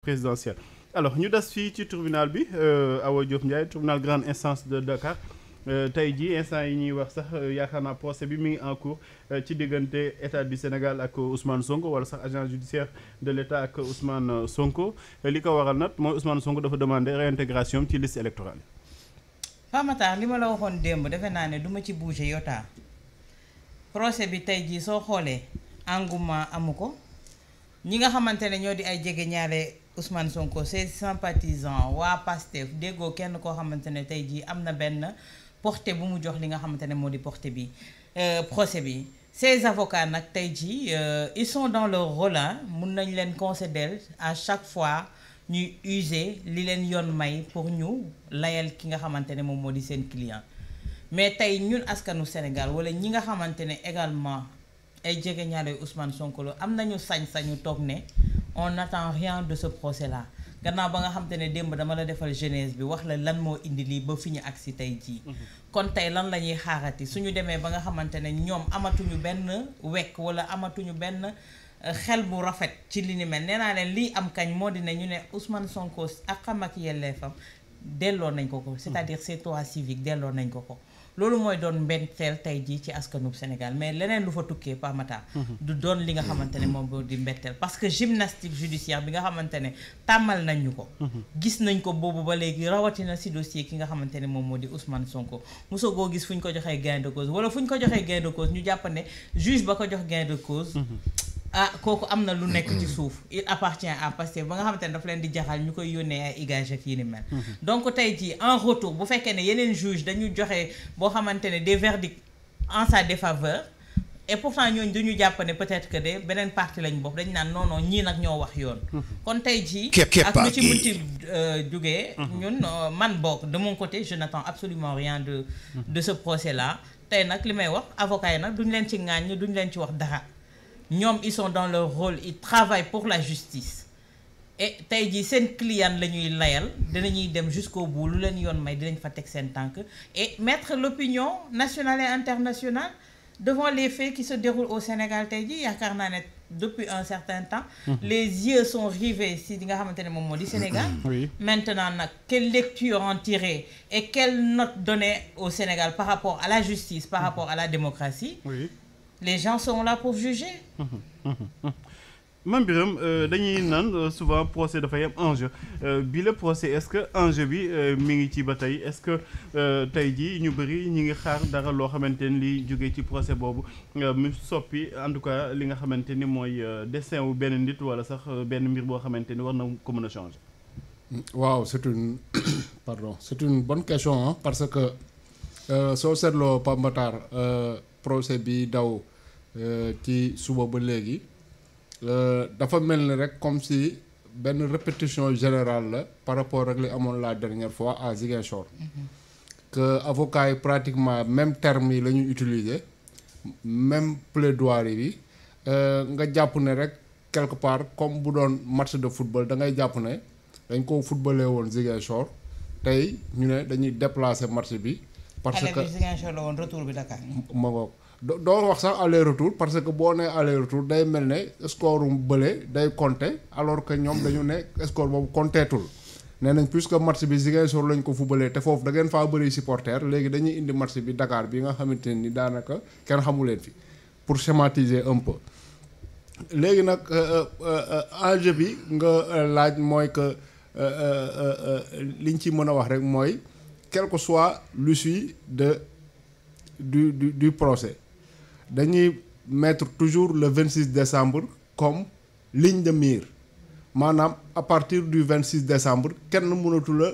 présidentielle alors ñu des fii ci tribunal bi euh, Awa Diop Ndiaye tribunal grande instance de Dakar euh, tey ji instant yi ñuy wax sax euh, yaakaar naa procès bi mi ngi en cours ci diggante état bi Sénégal ak Ousmane Sonko wala sax agent judiciaire de l' état ak Ousmane Sonko li ko waral nag mooy Ousmane Sonko dafa demande réintégration ci liste électorale Famata li ma la waxoon démb defe naa ne du ma ci bouger yotaa procès bi tey jii soo xoolee engouement amu ko ñi nga xamant ne ñoo Ousmane Sonko ses sympathisants waa paste déggoo kenn koo xamante ne tey jii am na benn portée bu mu jox li nga xamante ne moo di portée bi euh, procès bi ces avocats nag tey jii euh, ils sont dans leur mun nañ leen concéder à chaque fois ñuy user li leen yoon may pour ñu layal ki nga xamante ne moom moo di seen client mais tey ñun askanu Sénégal wala ñi nga xamante ne également ay jege ñaare Ousmane Sonko am nañu sañ-sañu toog ne. on n'attend rien de ce procès là gannaaw ba nga xam ne démb dama la defal jeunesse bi wax la lan moo indi lii ba fi ñu agsi tey jii. Mhm. kon tey lan la ñuy xaarati suñu demee ba nga xamante ne ñoom amatuñu benn wekk wala amatuñu benn euh, xel bu rafet ci li ni mel nee naa leen lii am kañ moo di ne ñu ne Ousmane Sonko ak xam ak yelleefam delloo nañ ko ko. cest a dire ses droits civiques delloo nañ ko ko. loolu mooy doon mbetteel tey jii ci askanub Sénégal mais leneen lu fa tukkee pamata mhm. du doon li nga xamante ne moom boo di mbetteel parce que gymnastique judiciaire bi nga xamante ne tàmmal nañ ñu ko mhm. gis nañ ko boobu ba léegi rawatina si dossier ki nga xamante ne moom moo di Ousmane Sonko mosagoo gis fu ñu ko joxee gain de cause wala fu ñu ko joxee gain de cause ñu jàpp ne juge ba ko jox gain de cause mhm. ah kooku am na lu nekk ci mm-hmm. suuf il appartient à Pastef ba nga xamante ne daf leen di jaxal ñu koy yónnee ay igage ak yi ni mel mm-hmm. donc tey jii en retour bu fekkee ne yeneen juge dañu joxe boo xamante ne des verdicts en sa défaveur et pourtant ñooñu duñu jàpp ne peut-être que de beneen parti lañ bokk dañu naan non non ñii nag ñoo wax yoon. Mm-hmm. kon tey jii. ak lu ci munti jógee. ñun euh, man bokk de mon côté je n'attends absolument rien de de ce procès là tey nag li may wax avocat yi nag duñ leen ci ŋaañ duñ leen ci wax dara. ñoom ils sont dans leur rôle ils travaillent pour la justice et tey jii seen client la ñuy layal dinañuy dem jusqu'au bout lu leen yoon may dinañ fa teg seen tànk et mettre l'opinion nationale et internationale devant les faits qui se déroulent au Sénégal tey jii yaakaar naa ne depuis un certain temps mhm. les yeux sont rivés si li nga xamante ne moom moo di Sénégal maintenant nag quelle lecture en tirer et quelle note donner au Sénégal par rapport à la justice pa mhm. rapport à la les gens sont là pour juger. Mame Birame euh, dañuy naan euh, souvent procès dafay am enjeu euh, bi procès est-ce que enjeu bi mi ngi ci ba tey est-ce que tey jii ñu bëri ñu ngi xaar dara loo xamante ni li jógee ci procès boobu mu soppi en tout cas li nga xamante ni mooy destin wu benn nit wala sax benn mbir boo xamante ni war na ko mën a changer. waaw c'est une pardon c'est une bonne question parce que soo seetloo Pape Matar. procès bi daw euh, ci suba ba léegi euh, dafa mel ni rek comme si benn répétition générale la par rapport ak li amoon la dernière fois à Ziguinchor. Mhm. que avocats yi pratiquement même terme yi la ñu utiliser même plaidoirie bi euh, nga jàpp ne rek quelque part comme bu doon match de football da ngay jàpp ne dañ ko footballee woon Ziguinchor tey ñu ne dañuy déplacer match bi. parce que la woon retour bi Dakar. ma ngoog doo wax sax aller retour parce que boo nee aller retour day mel ne score um bële day compter alors que ñoom dañu ne score boobu compteetul nee nañ puisque match bi Ziguinchor lañ ko fubalee te foofu da ngeen faa bëri supporter léegi dañuy indi match bi Dakar bi nga xamante ne ni daanaka kenn xamu leen fi pour schématiser un peu. léegi nag euh, euh, euh, enjeu bi nga laaj mooy que liñ ci mën a wax rek mooy. quel que soit l'issue de du du du procès dañuy mettre toujours le 26 décembre comme ligne de mire maanaam à partir du 26 décembre kenn mënatu la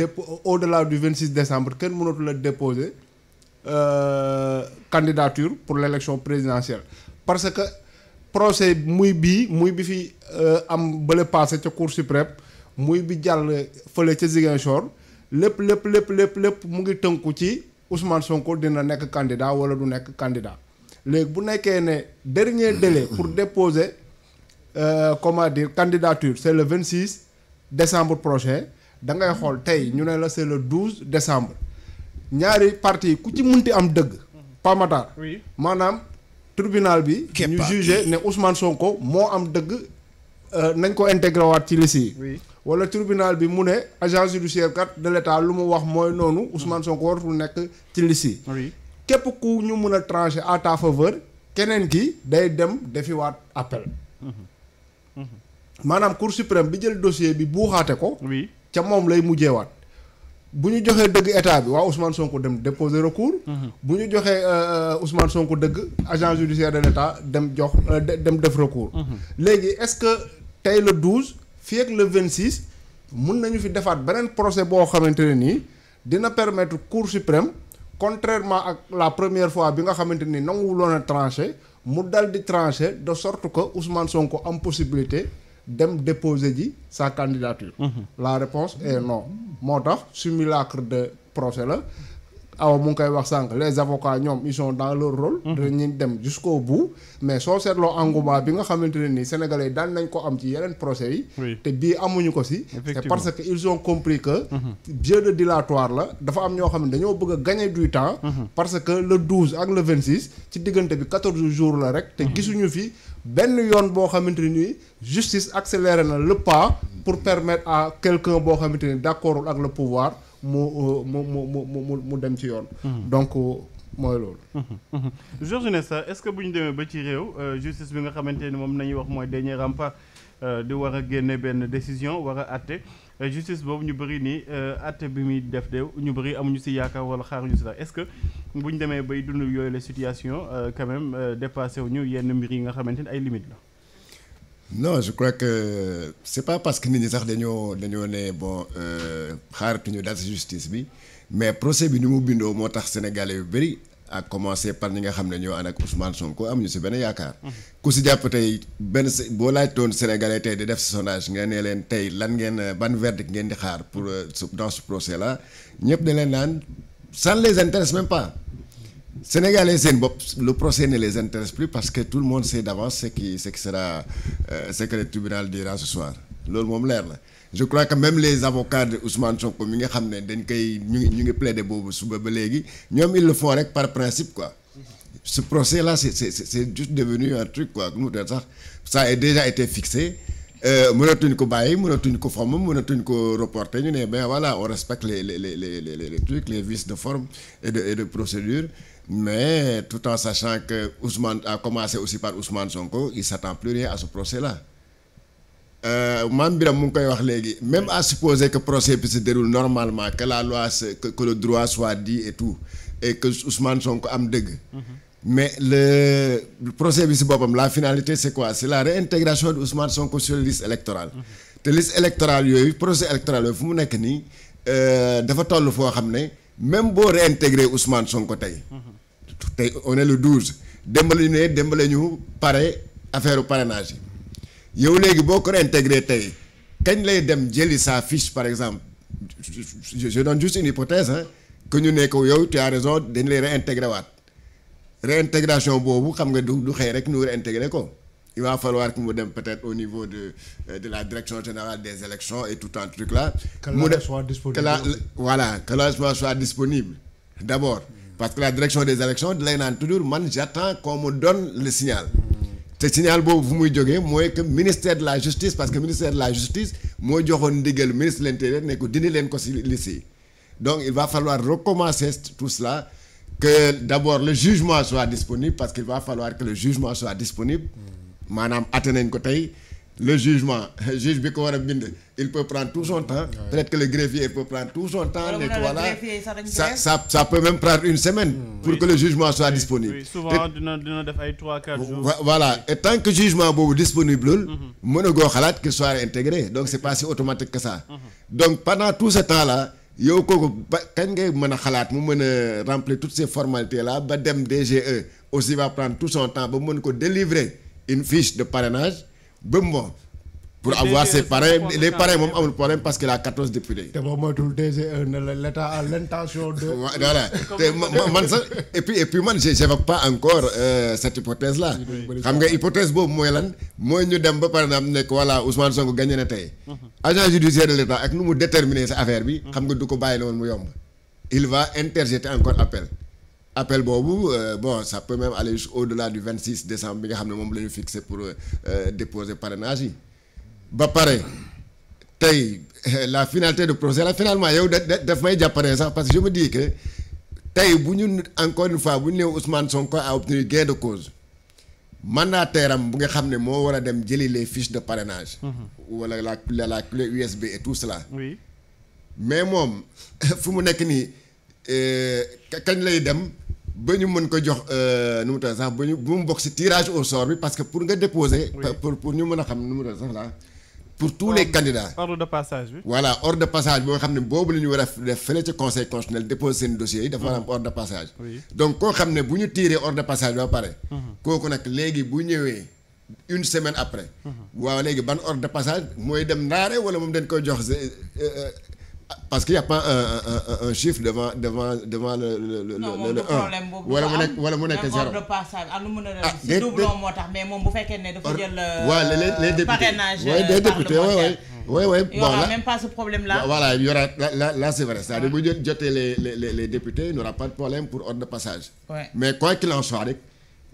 dépo au-delà du 26 décembre kenn mënatu la déposer euh, candidature pour l'élection présidentielle parce que procès muy bii muy bi fi euh, am bële passé ca Cour suprême muy bi jàll fële ca Ziguinchor lépp lépp lépp lépp lépp mu ngi tënku ci Ousmane Sonko dina nekk candidat wala du nekk candidat léegi bu nekkee ne dernier délai pour déposer euh, comment dire candidature c'est le 26 décembre prochain da ngay xool tey ñu ne la c'est le douze décembre ñaari parti ku ci munti am dëgg. Pamata. maanaam tribunal bi. ñu jugé ne Ousmane Sonko moo am dëgg euh, nañ ko intégré waat ci liste yi. wala tribunal bi mu ne agent judiciaire kat de lu mu wax mooy noonu Ousmane Sonko waratul nekk ci liste képp ku ñu mun a trancher à ta faveur keneen ki day dem defiwaat appel mm-hmm. Mm-hmm. maanaam cour suprême bi jël dossier bi buuxaate ko ca moom lay mujjeewaat bu ñu joxee dëgg état bi waa Ousmane Sonko dem déposer recours. Mm-hmm. bu ñu joxee euh, euh, Ousmane sonk dëgg agent judiciaire de l' dem jox euh, dem def recours. léegi est ce que tey le 12 fi ak le 26 mun nañu fi defaat beneen procès boo xamante ne nii dina permettre cour suprême contrairement ak la première fois bi nga xamante ni nanguwuloon a tranché mu dal di tranché de sorte que Ousmane Sonko am possibilité dem déposé ji sa candidature. Mhm. la réponse est non moo tax simulacre de procès la. awa mu ngi koy wax sànq les avocats ñoom ils sont dans leur rôle. Mhm. dañuy dem jusqu'au bout. mais soo seetloo engouement bi nga xamante ne nii sénégalais daal nañ ko am ci yeneen procès yi. te bii amuñu ko si. c'est parce que ils ont compris que. Mhm. jeu de dilatoire la dafa am ñoo xam ne dañoo bëgg a gagner du temps. Mhm. parce que le 12 ak le 26 ci diggante bi 14 jours la rek. te gisuñu fi benn yoon boo xamante ne nii justice accéléré na le pour permettre à quelque boo xamante ni d'accordul ak le pouvoir. Euh, mu mu mu mu mu dem ci yoon. Mhm. donc euh, mooy loolu. Mhm. Mhm. Georges Nesta est-ce que bu ñu demee ba ci réew euh, justice bi nga xamante ni moom nañuy wax mooy dernier rempart di war a génne benn décision war a àtte justice boobu ñu bëri nii àtte bi muy def deew ñu bari amuñu si yaakaar wala xaaruñu si dara est-ce que bu ñu demee bay dund yooyu la situation quand même wu ñu yenn mbir yi nga xamante ni ay limites la. non je crois que c'est pas parce que nit ñi sax dañoo dañoo ne bon euh, xaaratuñu si justice bi mais procès bi ni mu bindoo moo tax sénégalais yu bëri ak commencer par ñi nga xam ne ñoo ànd ak Ousmane Sonko am ñu si benn yaakaar. Mhm. ku si jàpp tey benn boo laajtoon sénégalais tey di def si sondage nga ne leen tey lan ngeen ban verdict ngeen di xaar pour euh, dans ce procès la ñëpp da leen naan ça les intéresse même pas. Sénégalais seen bopp le procès ne les intéresse plus parce que tout le monde sait d'avance ce qui ce qui sera euh, ce que le tribunal ce soir loolu moom leer na je crois que même les avocats de Ousmane Sonko mi nga xam ne dañ koy ñu ngi ñu ngi plaider boobu suba ba léegi ñoom ils le font rek par principe quoi ce procès là c'est c'est c'est juste devenu un truc quoi nu mu sax ça a déjà été fixé Euh, mënatuñ ko bàyyi mënatuñ ko fomm mënatuñ ko reporter ñu ne ben voilà on respecte les les les les les trucs les vices de forme et de et de procédure mais tout en sachant que Ousmane a commencé aussi par Ousmane Sonko il s'attend plus rien à ce procès là euh, maam Biram mu ngi koy wax léegi même à supposer que procès bi se déroule normalement que la loi que le droit soit di et tout et que Ousmane Sonko am dëgg. Mhm. mais le, le procès bi si boppam la finalité c'est quoi c'est la réintégration de Ousmane Sonko sur liste électorale te liste électorale yooyu procès électoral yooyu fu mu nekk nii euh, dafa toll foo xam ne même boo réintégrer Ousmane Sonko tey tey on est le 12 démb ne démb la ñu pare affaire parrainage yi yow léegi boo ko réintégré tey kañ lay dem jëli sa fiche par exemple je, je, je juste une hypothèse hein ñu ne ko yow tu as raison dañ lay réintégré waat réintégration boobu xam nga du du xëy rek ñu réintégré ko il va falloir que mu dem peut-être au niveau de euh, de la direction générale des élections et tout un truc là. mu def la voilà que la soit disponible d'abord. parce que la direction des élections lay naan toujours man j'attends qu'on me donne le signal. te signal boobu fu muy jógee mooy que ministère de la justice parce que ministère de la justice moo joxoon ndigal ministre de l'intérieur ne ko dindi leen ko si liste yi donc il va falloir recommencer tout que d'abord le jugement soit disponible parce qu'il va falloir que le jugement soit disponible maanaam atte ko tey le jugement juge bi ko war a bind il peut prendre tout son temps peut-être que le greffier peut prendre tout son temps nekk voilà ça peut même prendre une semaine hmm. pour que le jugement soit disponible voilà et tant jugement boobu disponible lul mhm. mën a xalaat qu'il soit intégré donc c'est pas automatique que ça mhm. donc pendant tout yow kooku ba kañ ngay mën a xalaat mu mën a remplir tout ces formalités la ba dem DGE aussi va prendre tout cent temps ba mu mën ko délivrer une fiche de parrainage ba pour e avoir ses parrains les parrains moom amul problème parce qu'il a 14 députés. te boobu moytuwul DG e, ne la l'État a l'intention de. voilà man sax et puis et puis man j'évoque pas encore euh, cette hypothèse là. xam nga hypothèse boobu mooy lan mooy ñu dem ba par exemple nekk voilà Ousmane Sonko gagné na tey. Mhm. agent judiciaire de l'État ak nu mu déterminer sa affaire bi. Mhm. xam nga du ko bàyyi la woon mu yomb. il va interjeter encore appel. appel boobu euh, bon ça peut même aller nga xam ne moom la ñu fixé pour euh, euh déposer parrainage yi ba pare tey la finalité du procès là finalement yow da daf may jàppale sax parce que je me dis que tey bu ñu encore une fois bu ñu nee Ousmane Sonko a obtenu gain de cause mandataire bu nga xam ne moo war a dem jëli les de parrainage. Mhm. wala la la la clé USB et tout cela. mais moom fu mu nekk nii euh, kañ lay dem ba ñu mën ko jox euh, nu mu tax sax ba ñu bu mu bokk ci tirage au sort bi parce que pour nga déposer. pour ñu mën a xam nu mu sax ah. pour tous les candidats ordre de passage bi. voilà ordre de passage bi xam ne boobu la war a def fële ci conseil seen dossiers yi. dafa war a am mm. ordre de passage. donc koo xam ne bu ñu tiiree ordre de passage ba pare. Mm-hmm. kooku nag léegi bu ñëwee une semaine après. Mm-hmm. waaw léegi ban ordre de passage mooy dem ndaare wala moom dañ koy jox euh, euh, parce que y' a pas un un un chiffre devant devant le le le le wala mu nekk wala mu nekk zéro ah déet moo tax mais moom bu fekkee ne dafa jël. waaw euh, les les députés waaw les euh, députés waaw waaw. oui oui bon là même pas ce problème là. voilà il y aura là là, les les les députés il n'y pas de problème pour ordre de passage. mais quoi qu'il en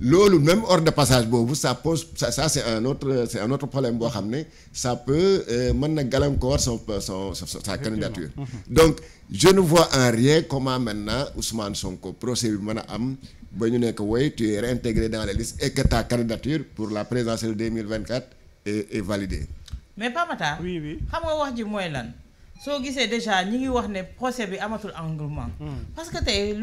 loolu même hors de passage boobu ça pose ça ça c'est un autre problème boo xam ne sa peut euh, mën na gàllankoor son son sa candidature mm-hmm. donc je ne vois en rien comment maintenant Ousmane Sonko procès bi mën a am ba ñu nekk woy tu es réintégré dans les listes et que ta candidature pour la présidentielle 2024 est est validée mais Pamata oui oui xam nga wax ji mooy lan soo gisee déjà ñi ngi wax ne procès bi amatul engouement mm. parce tey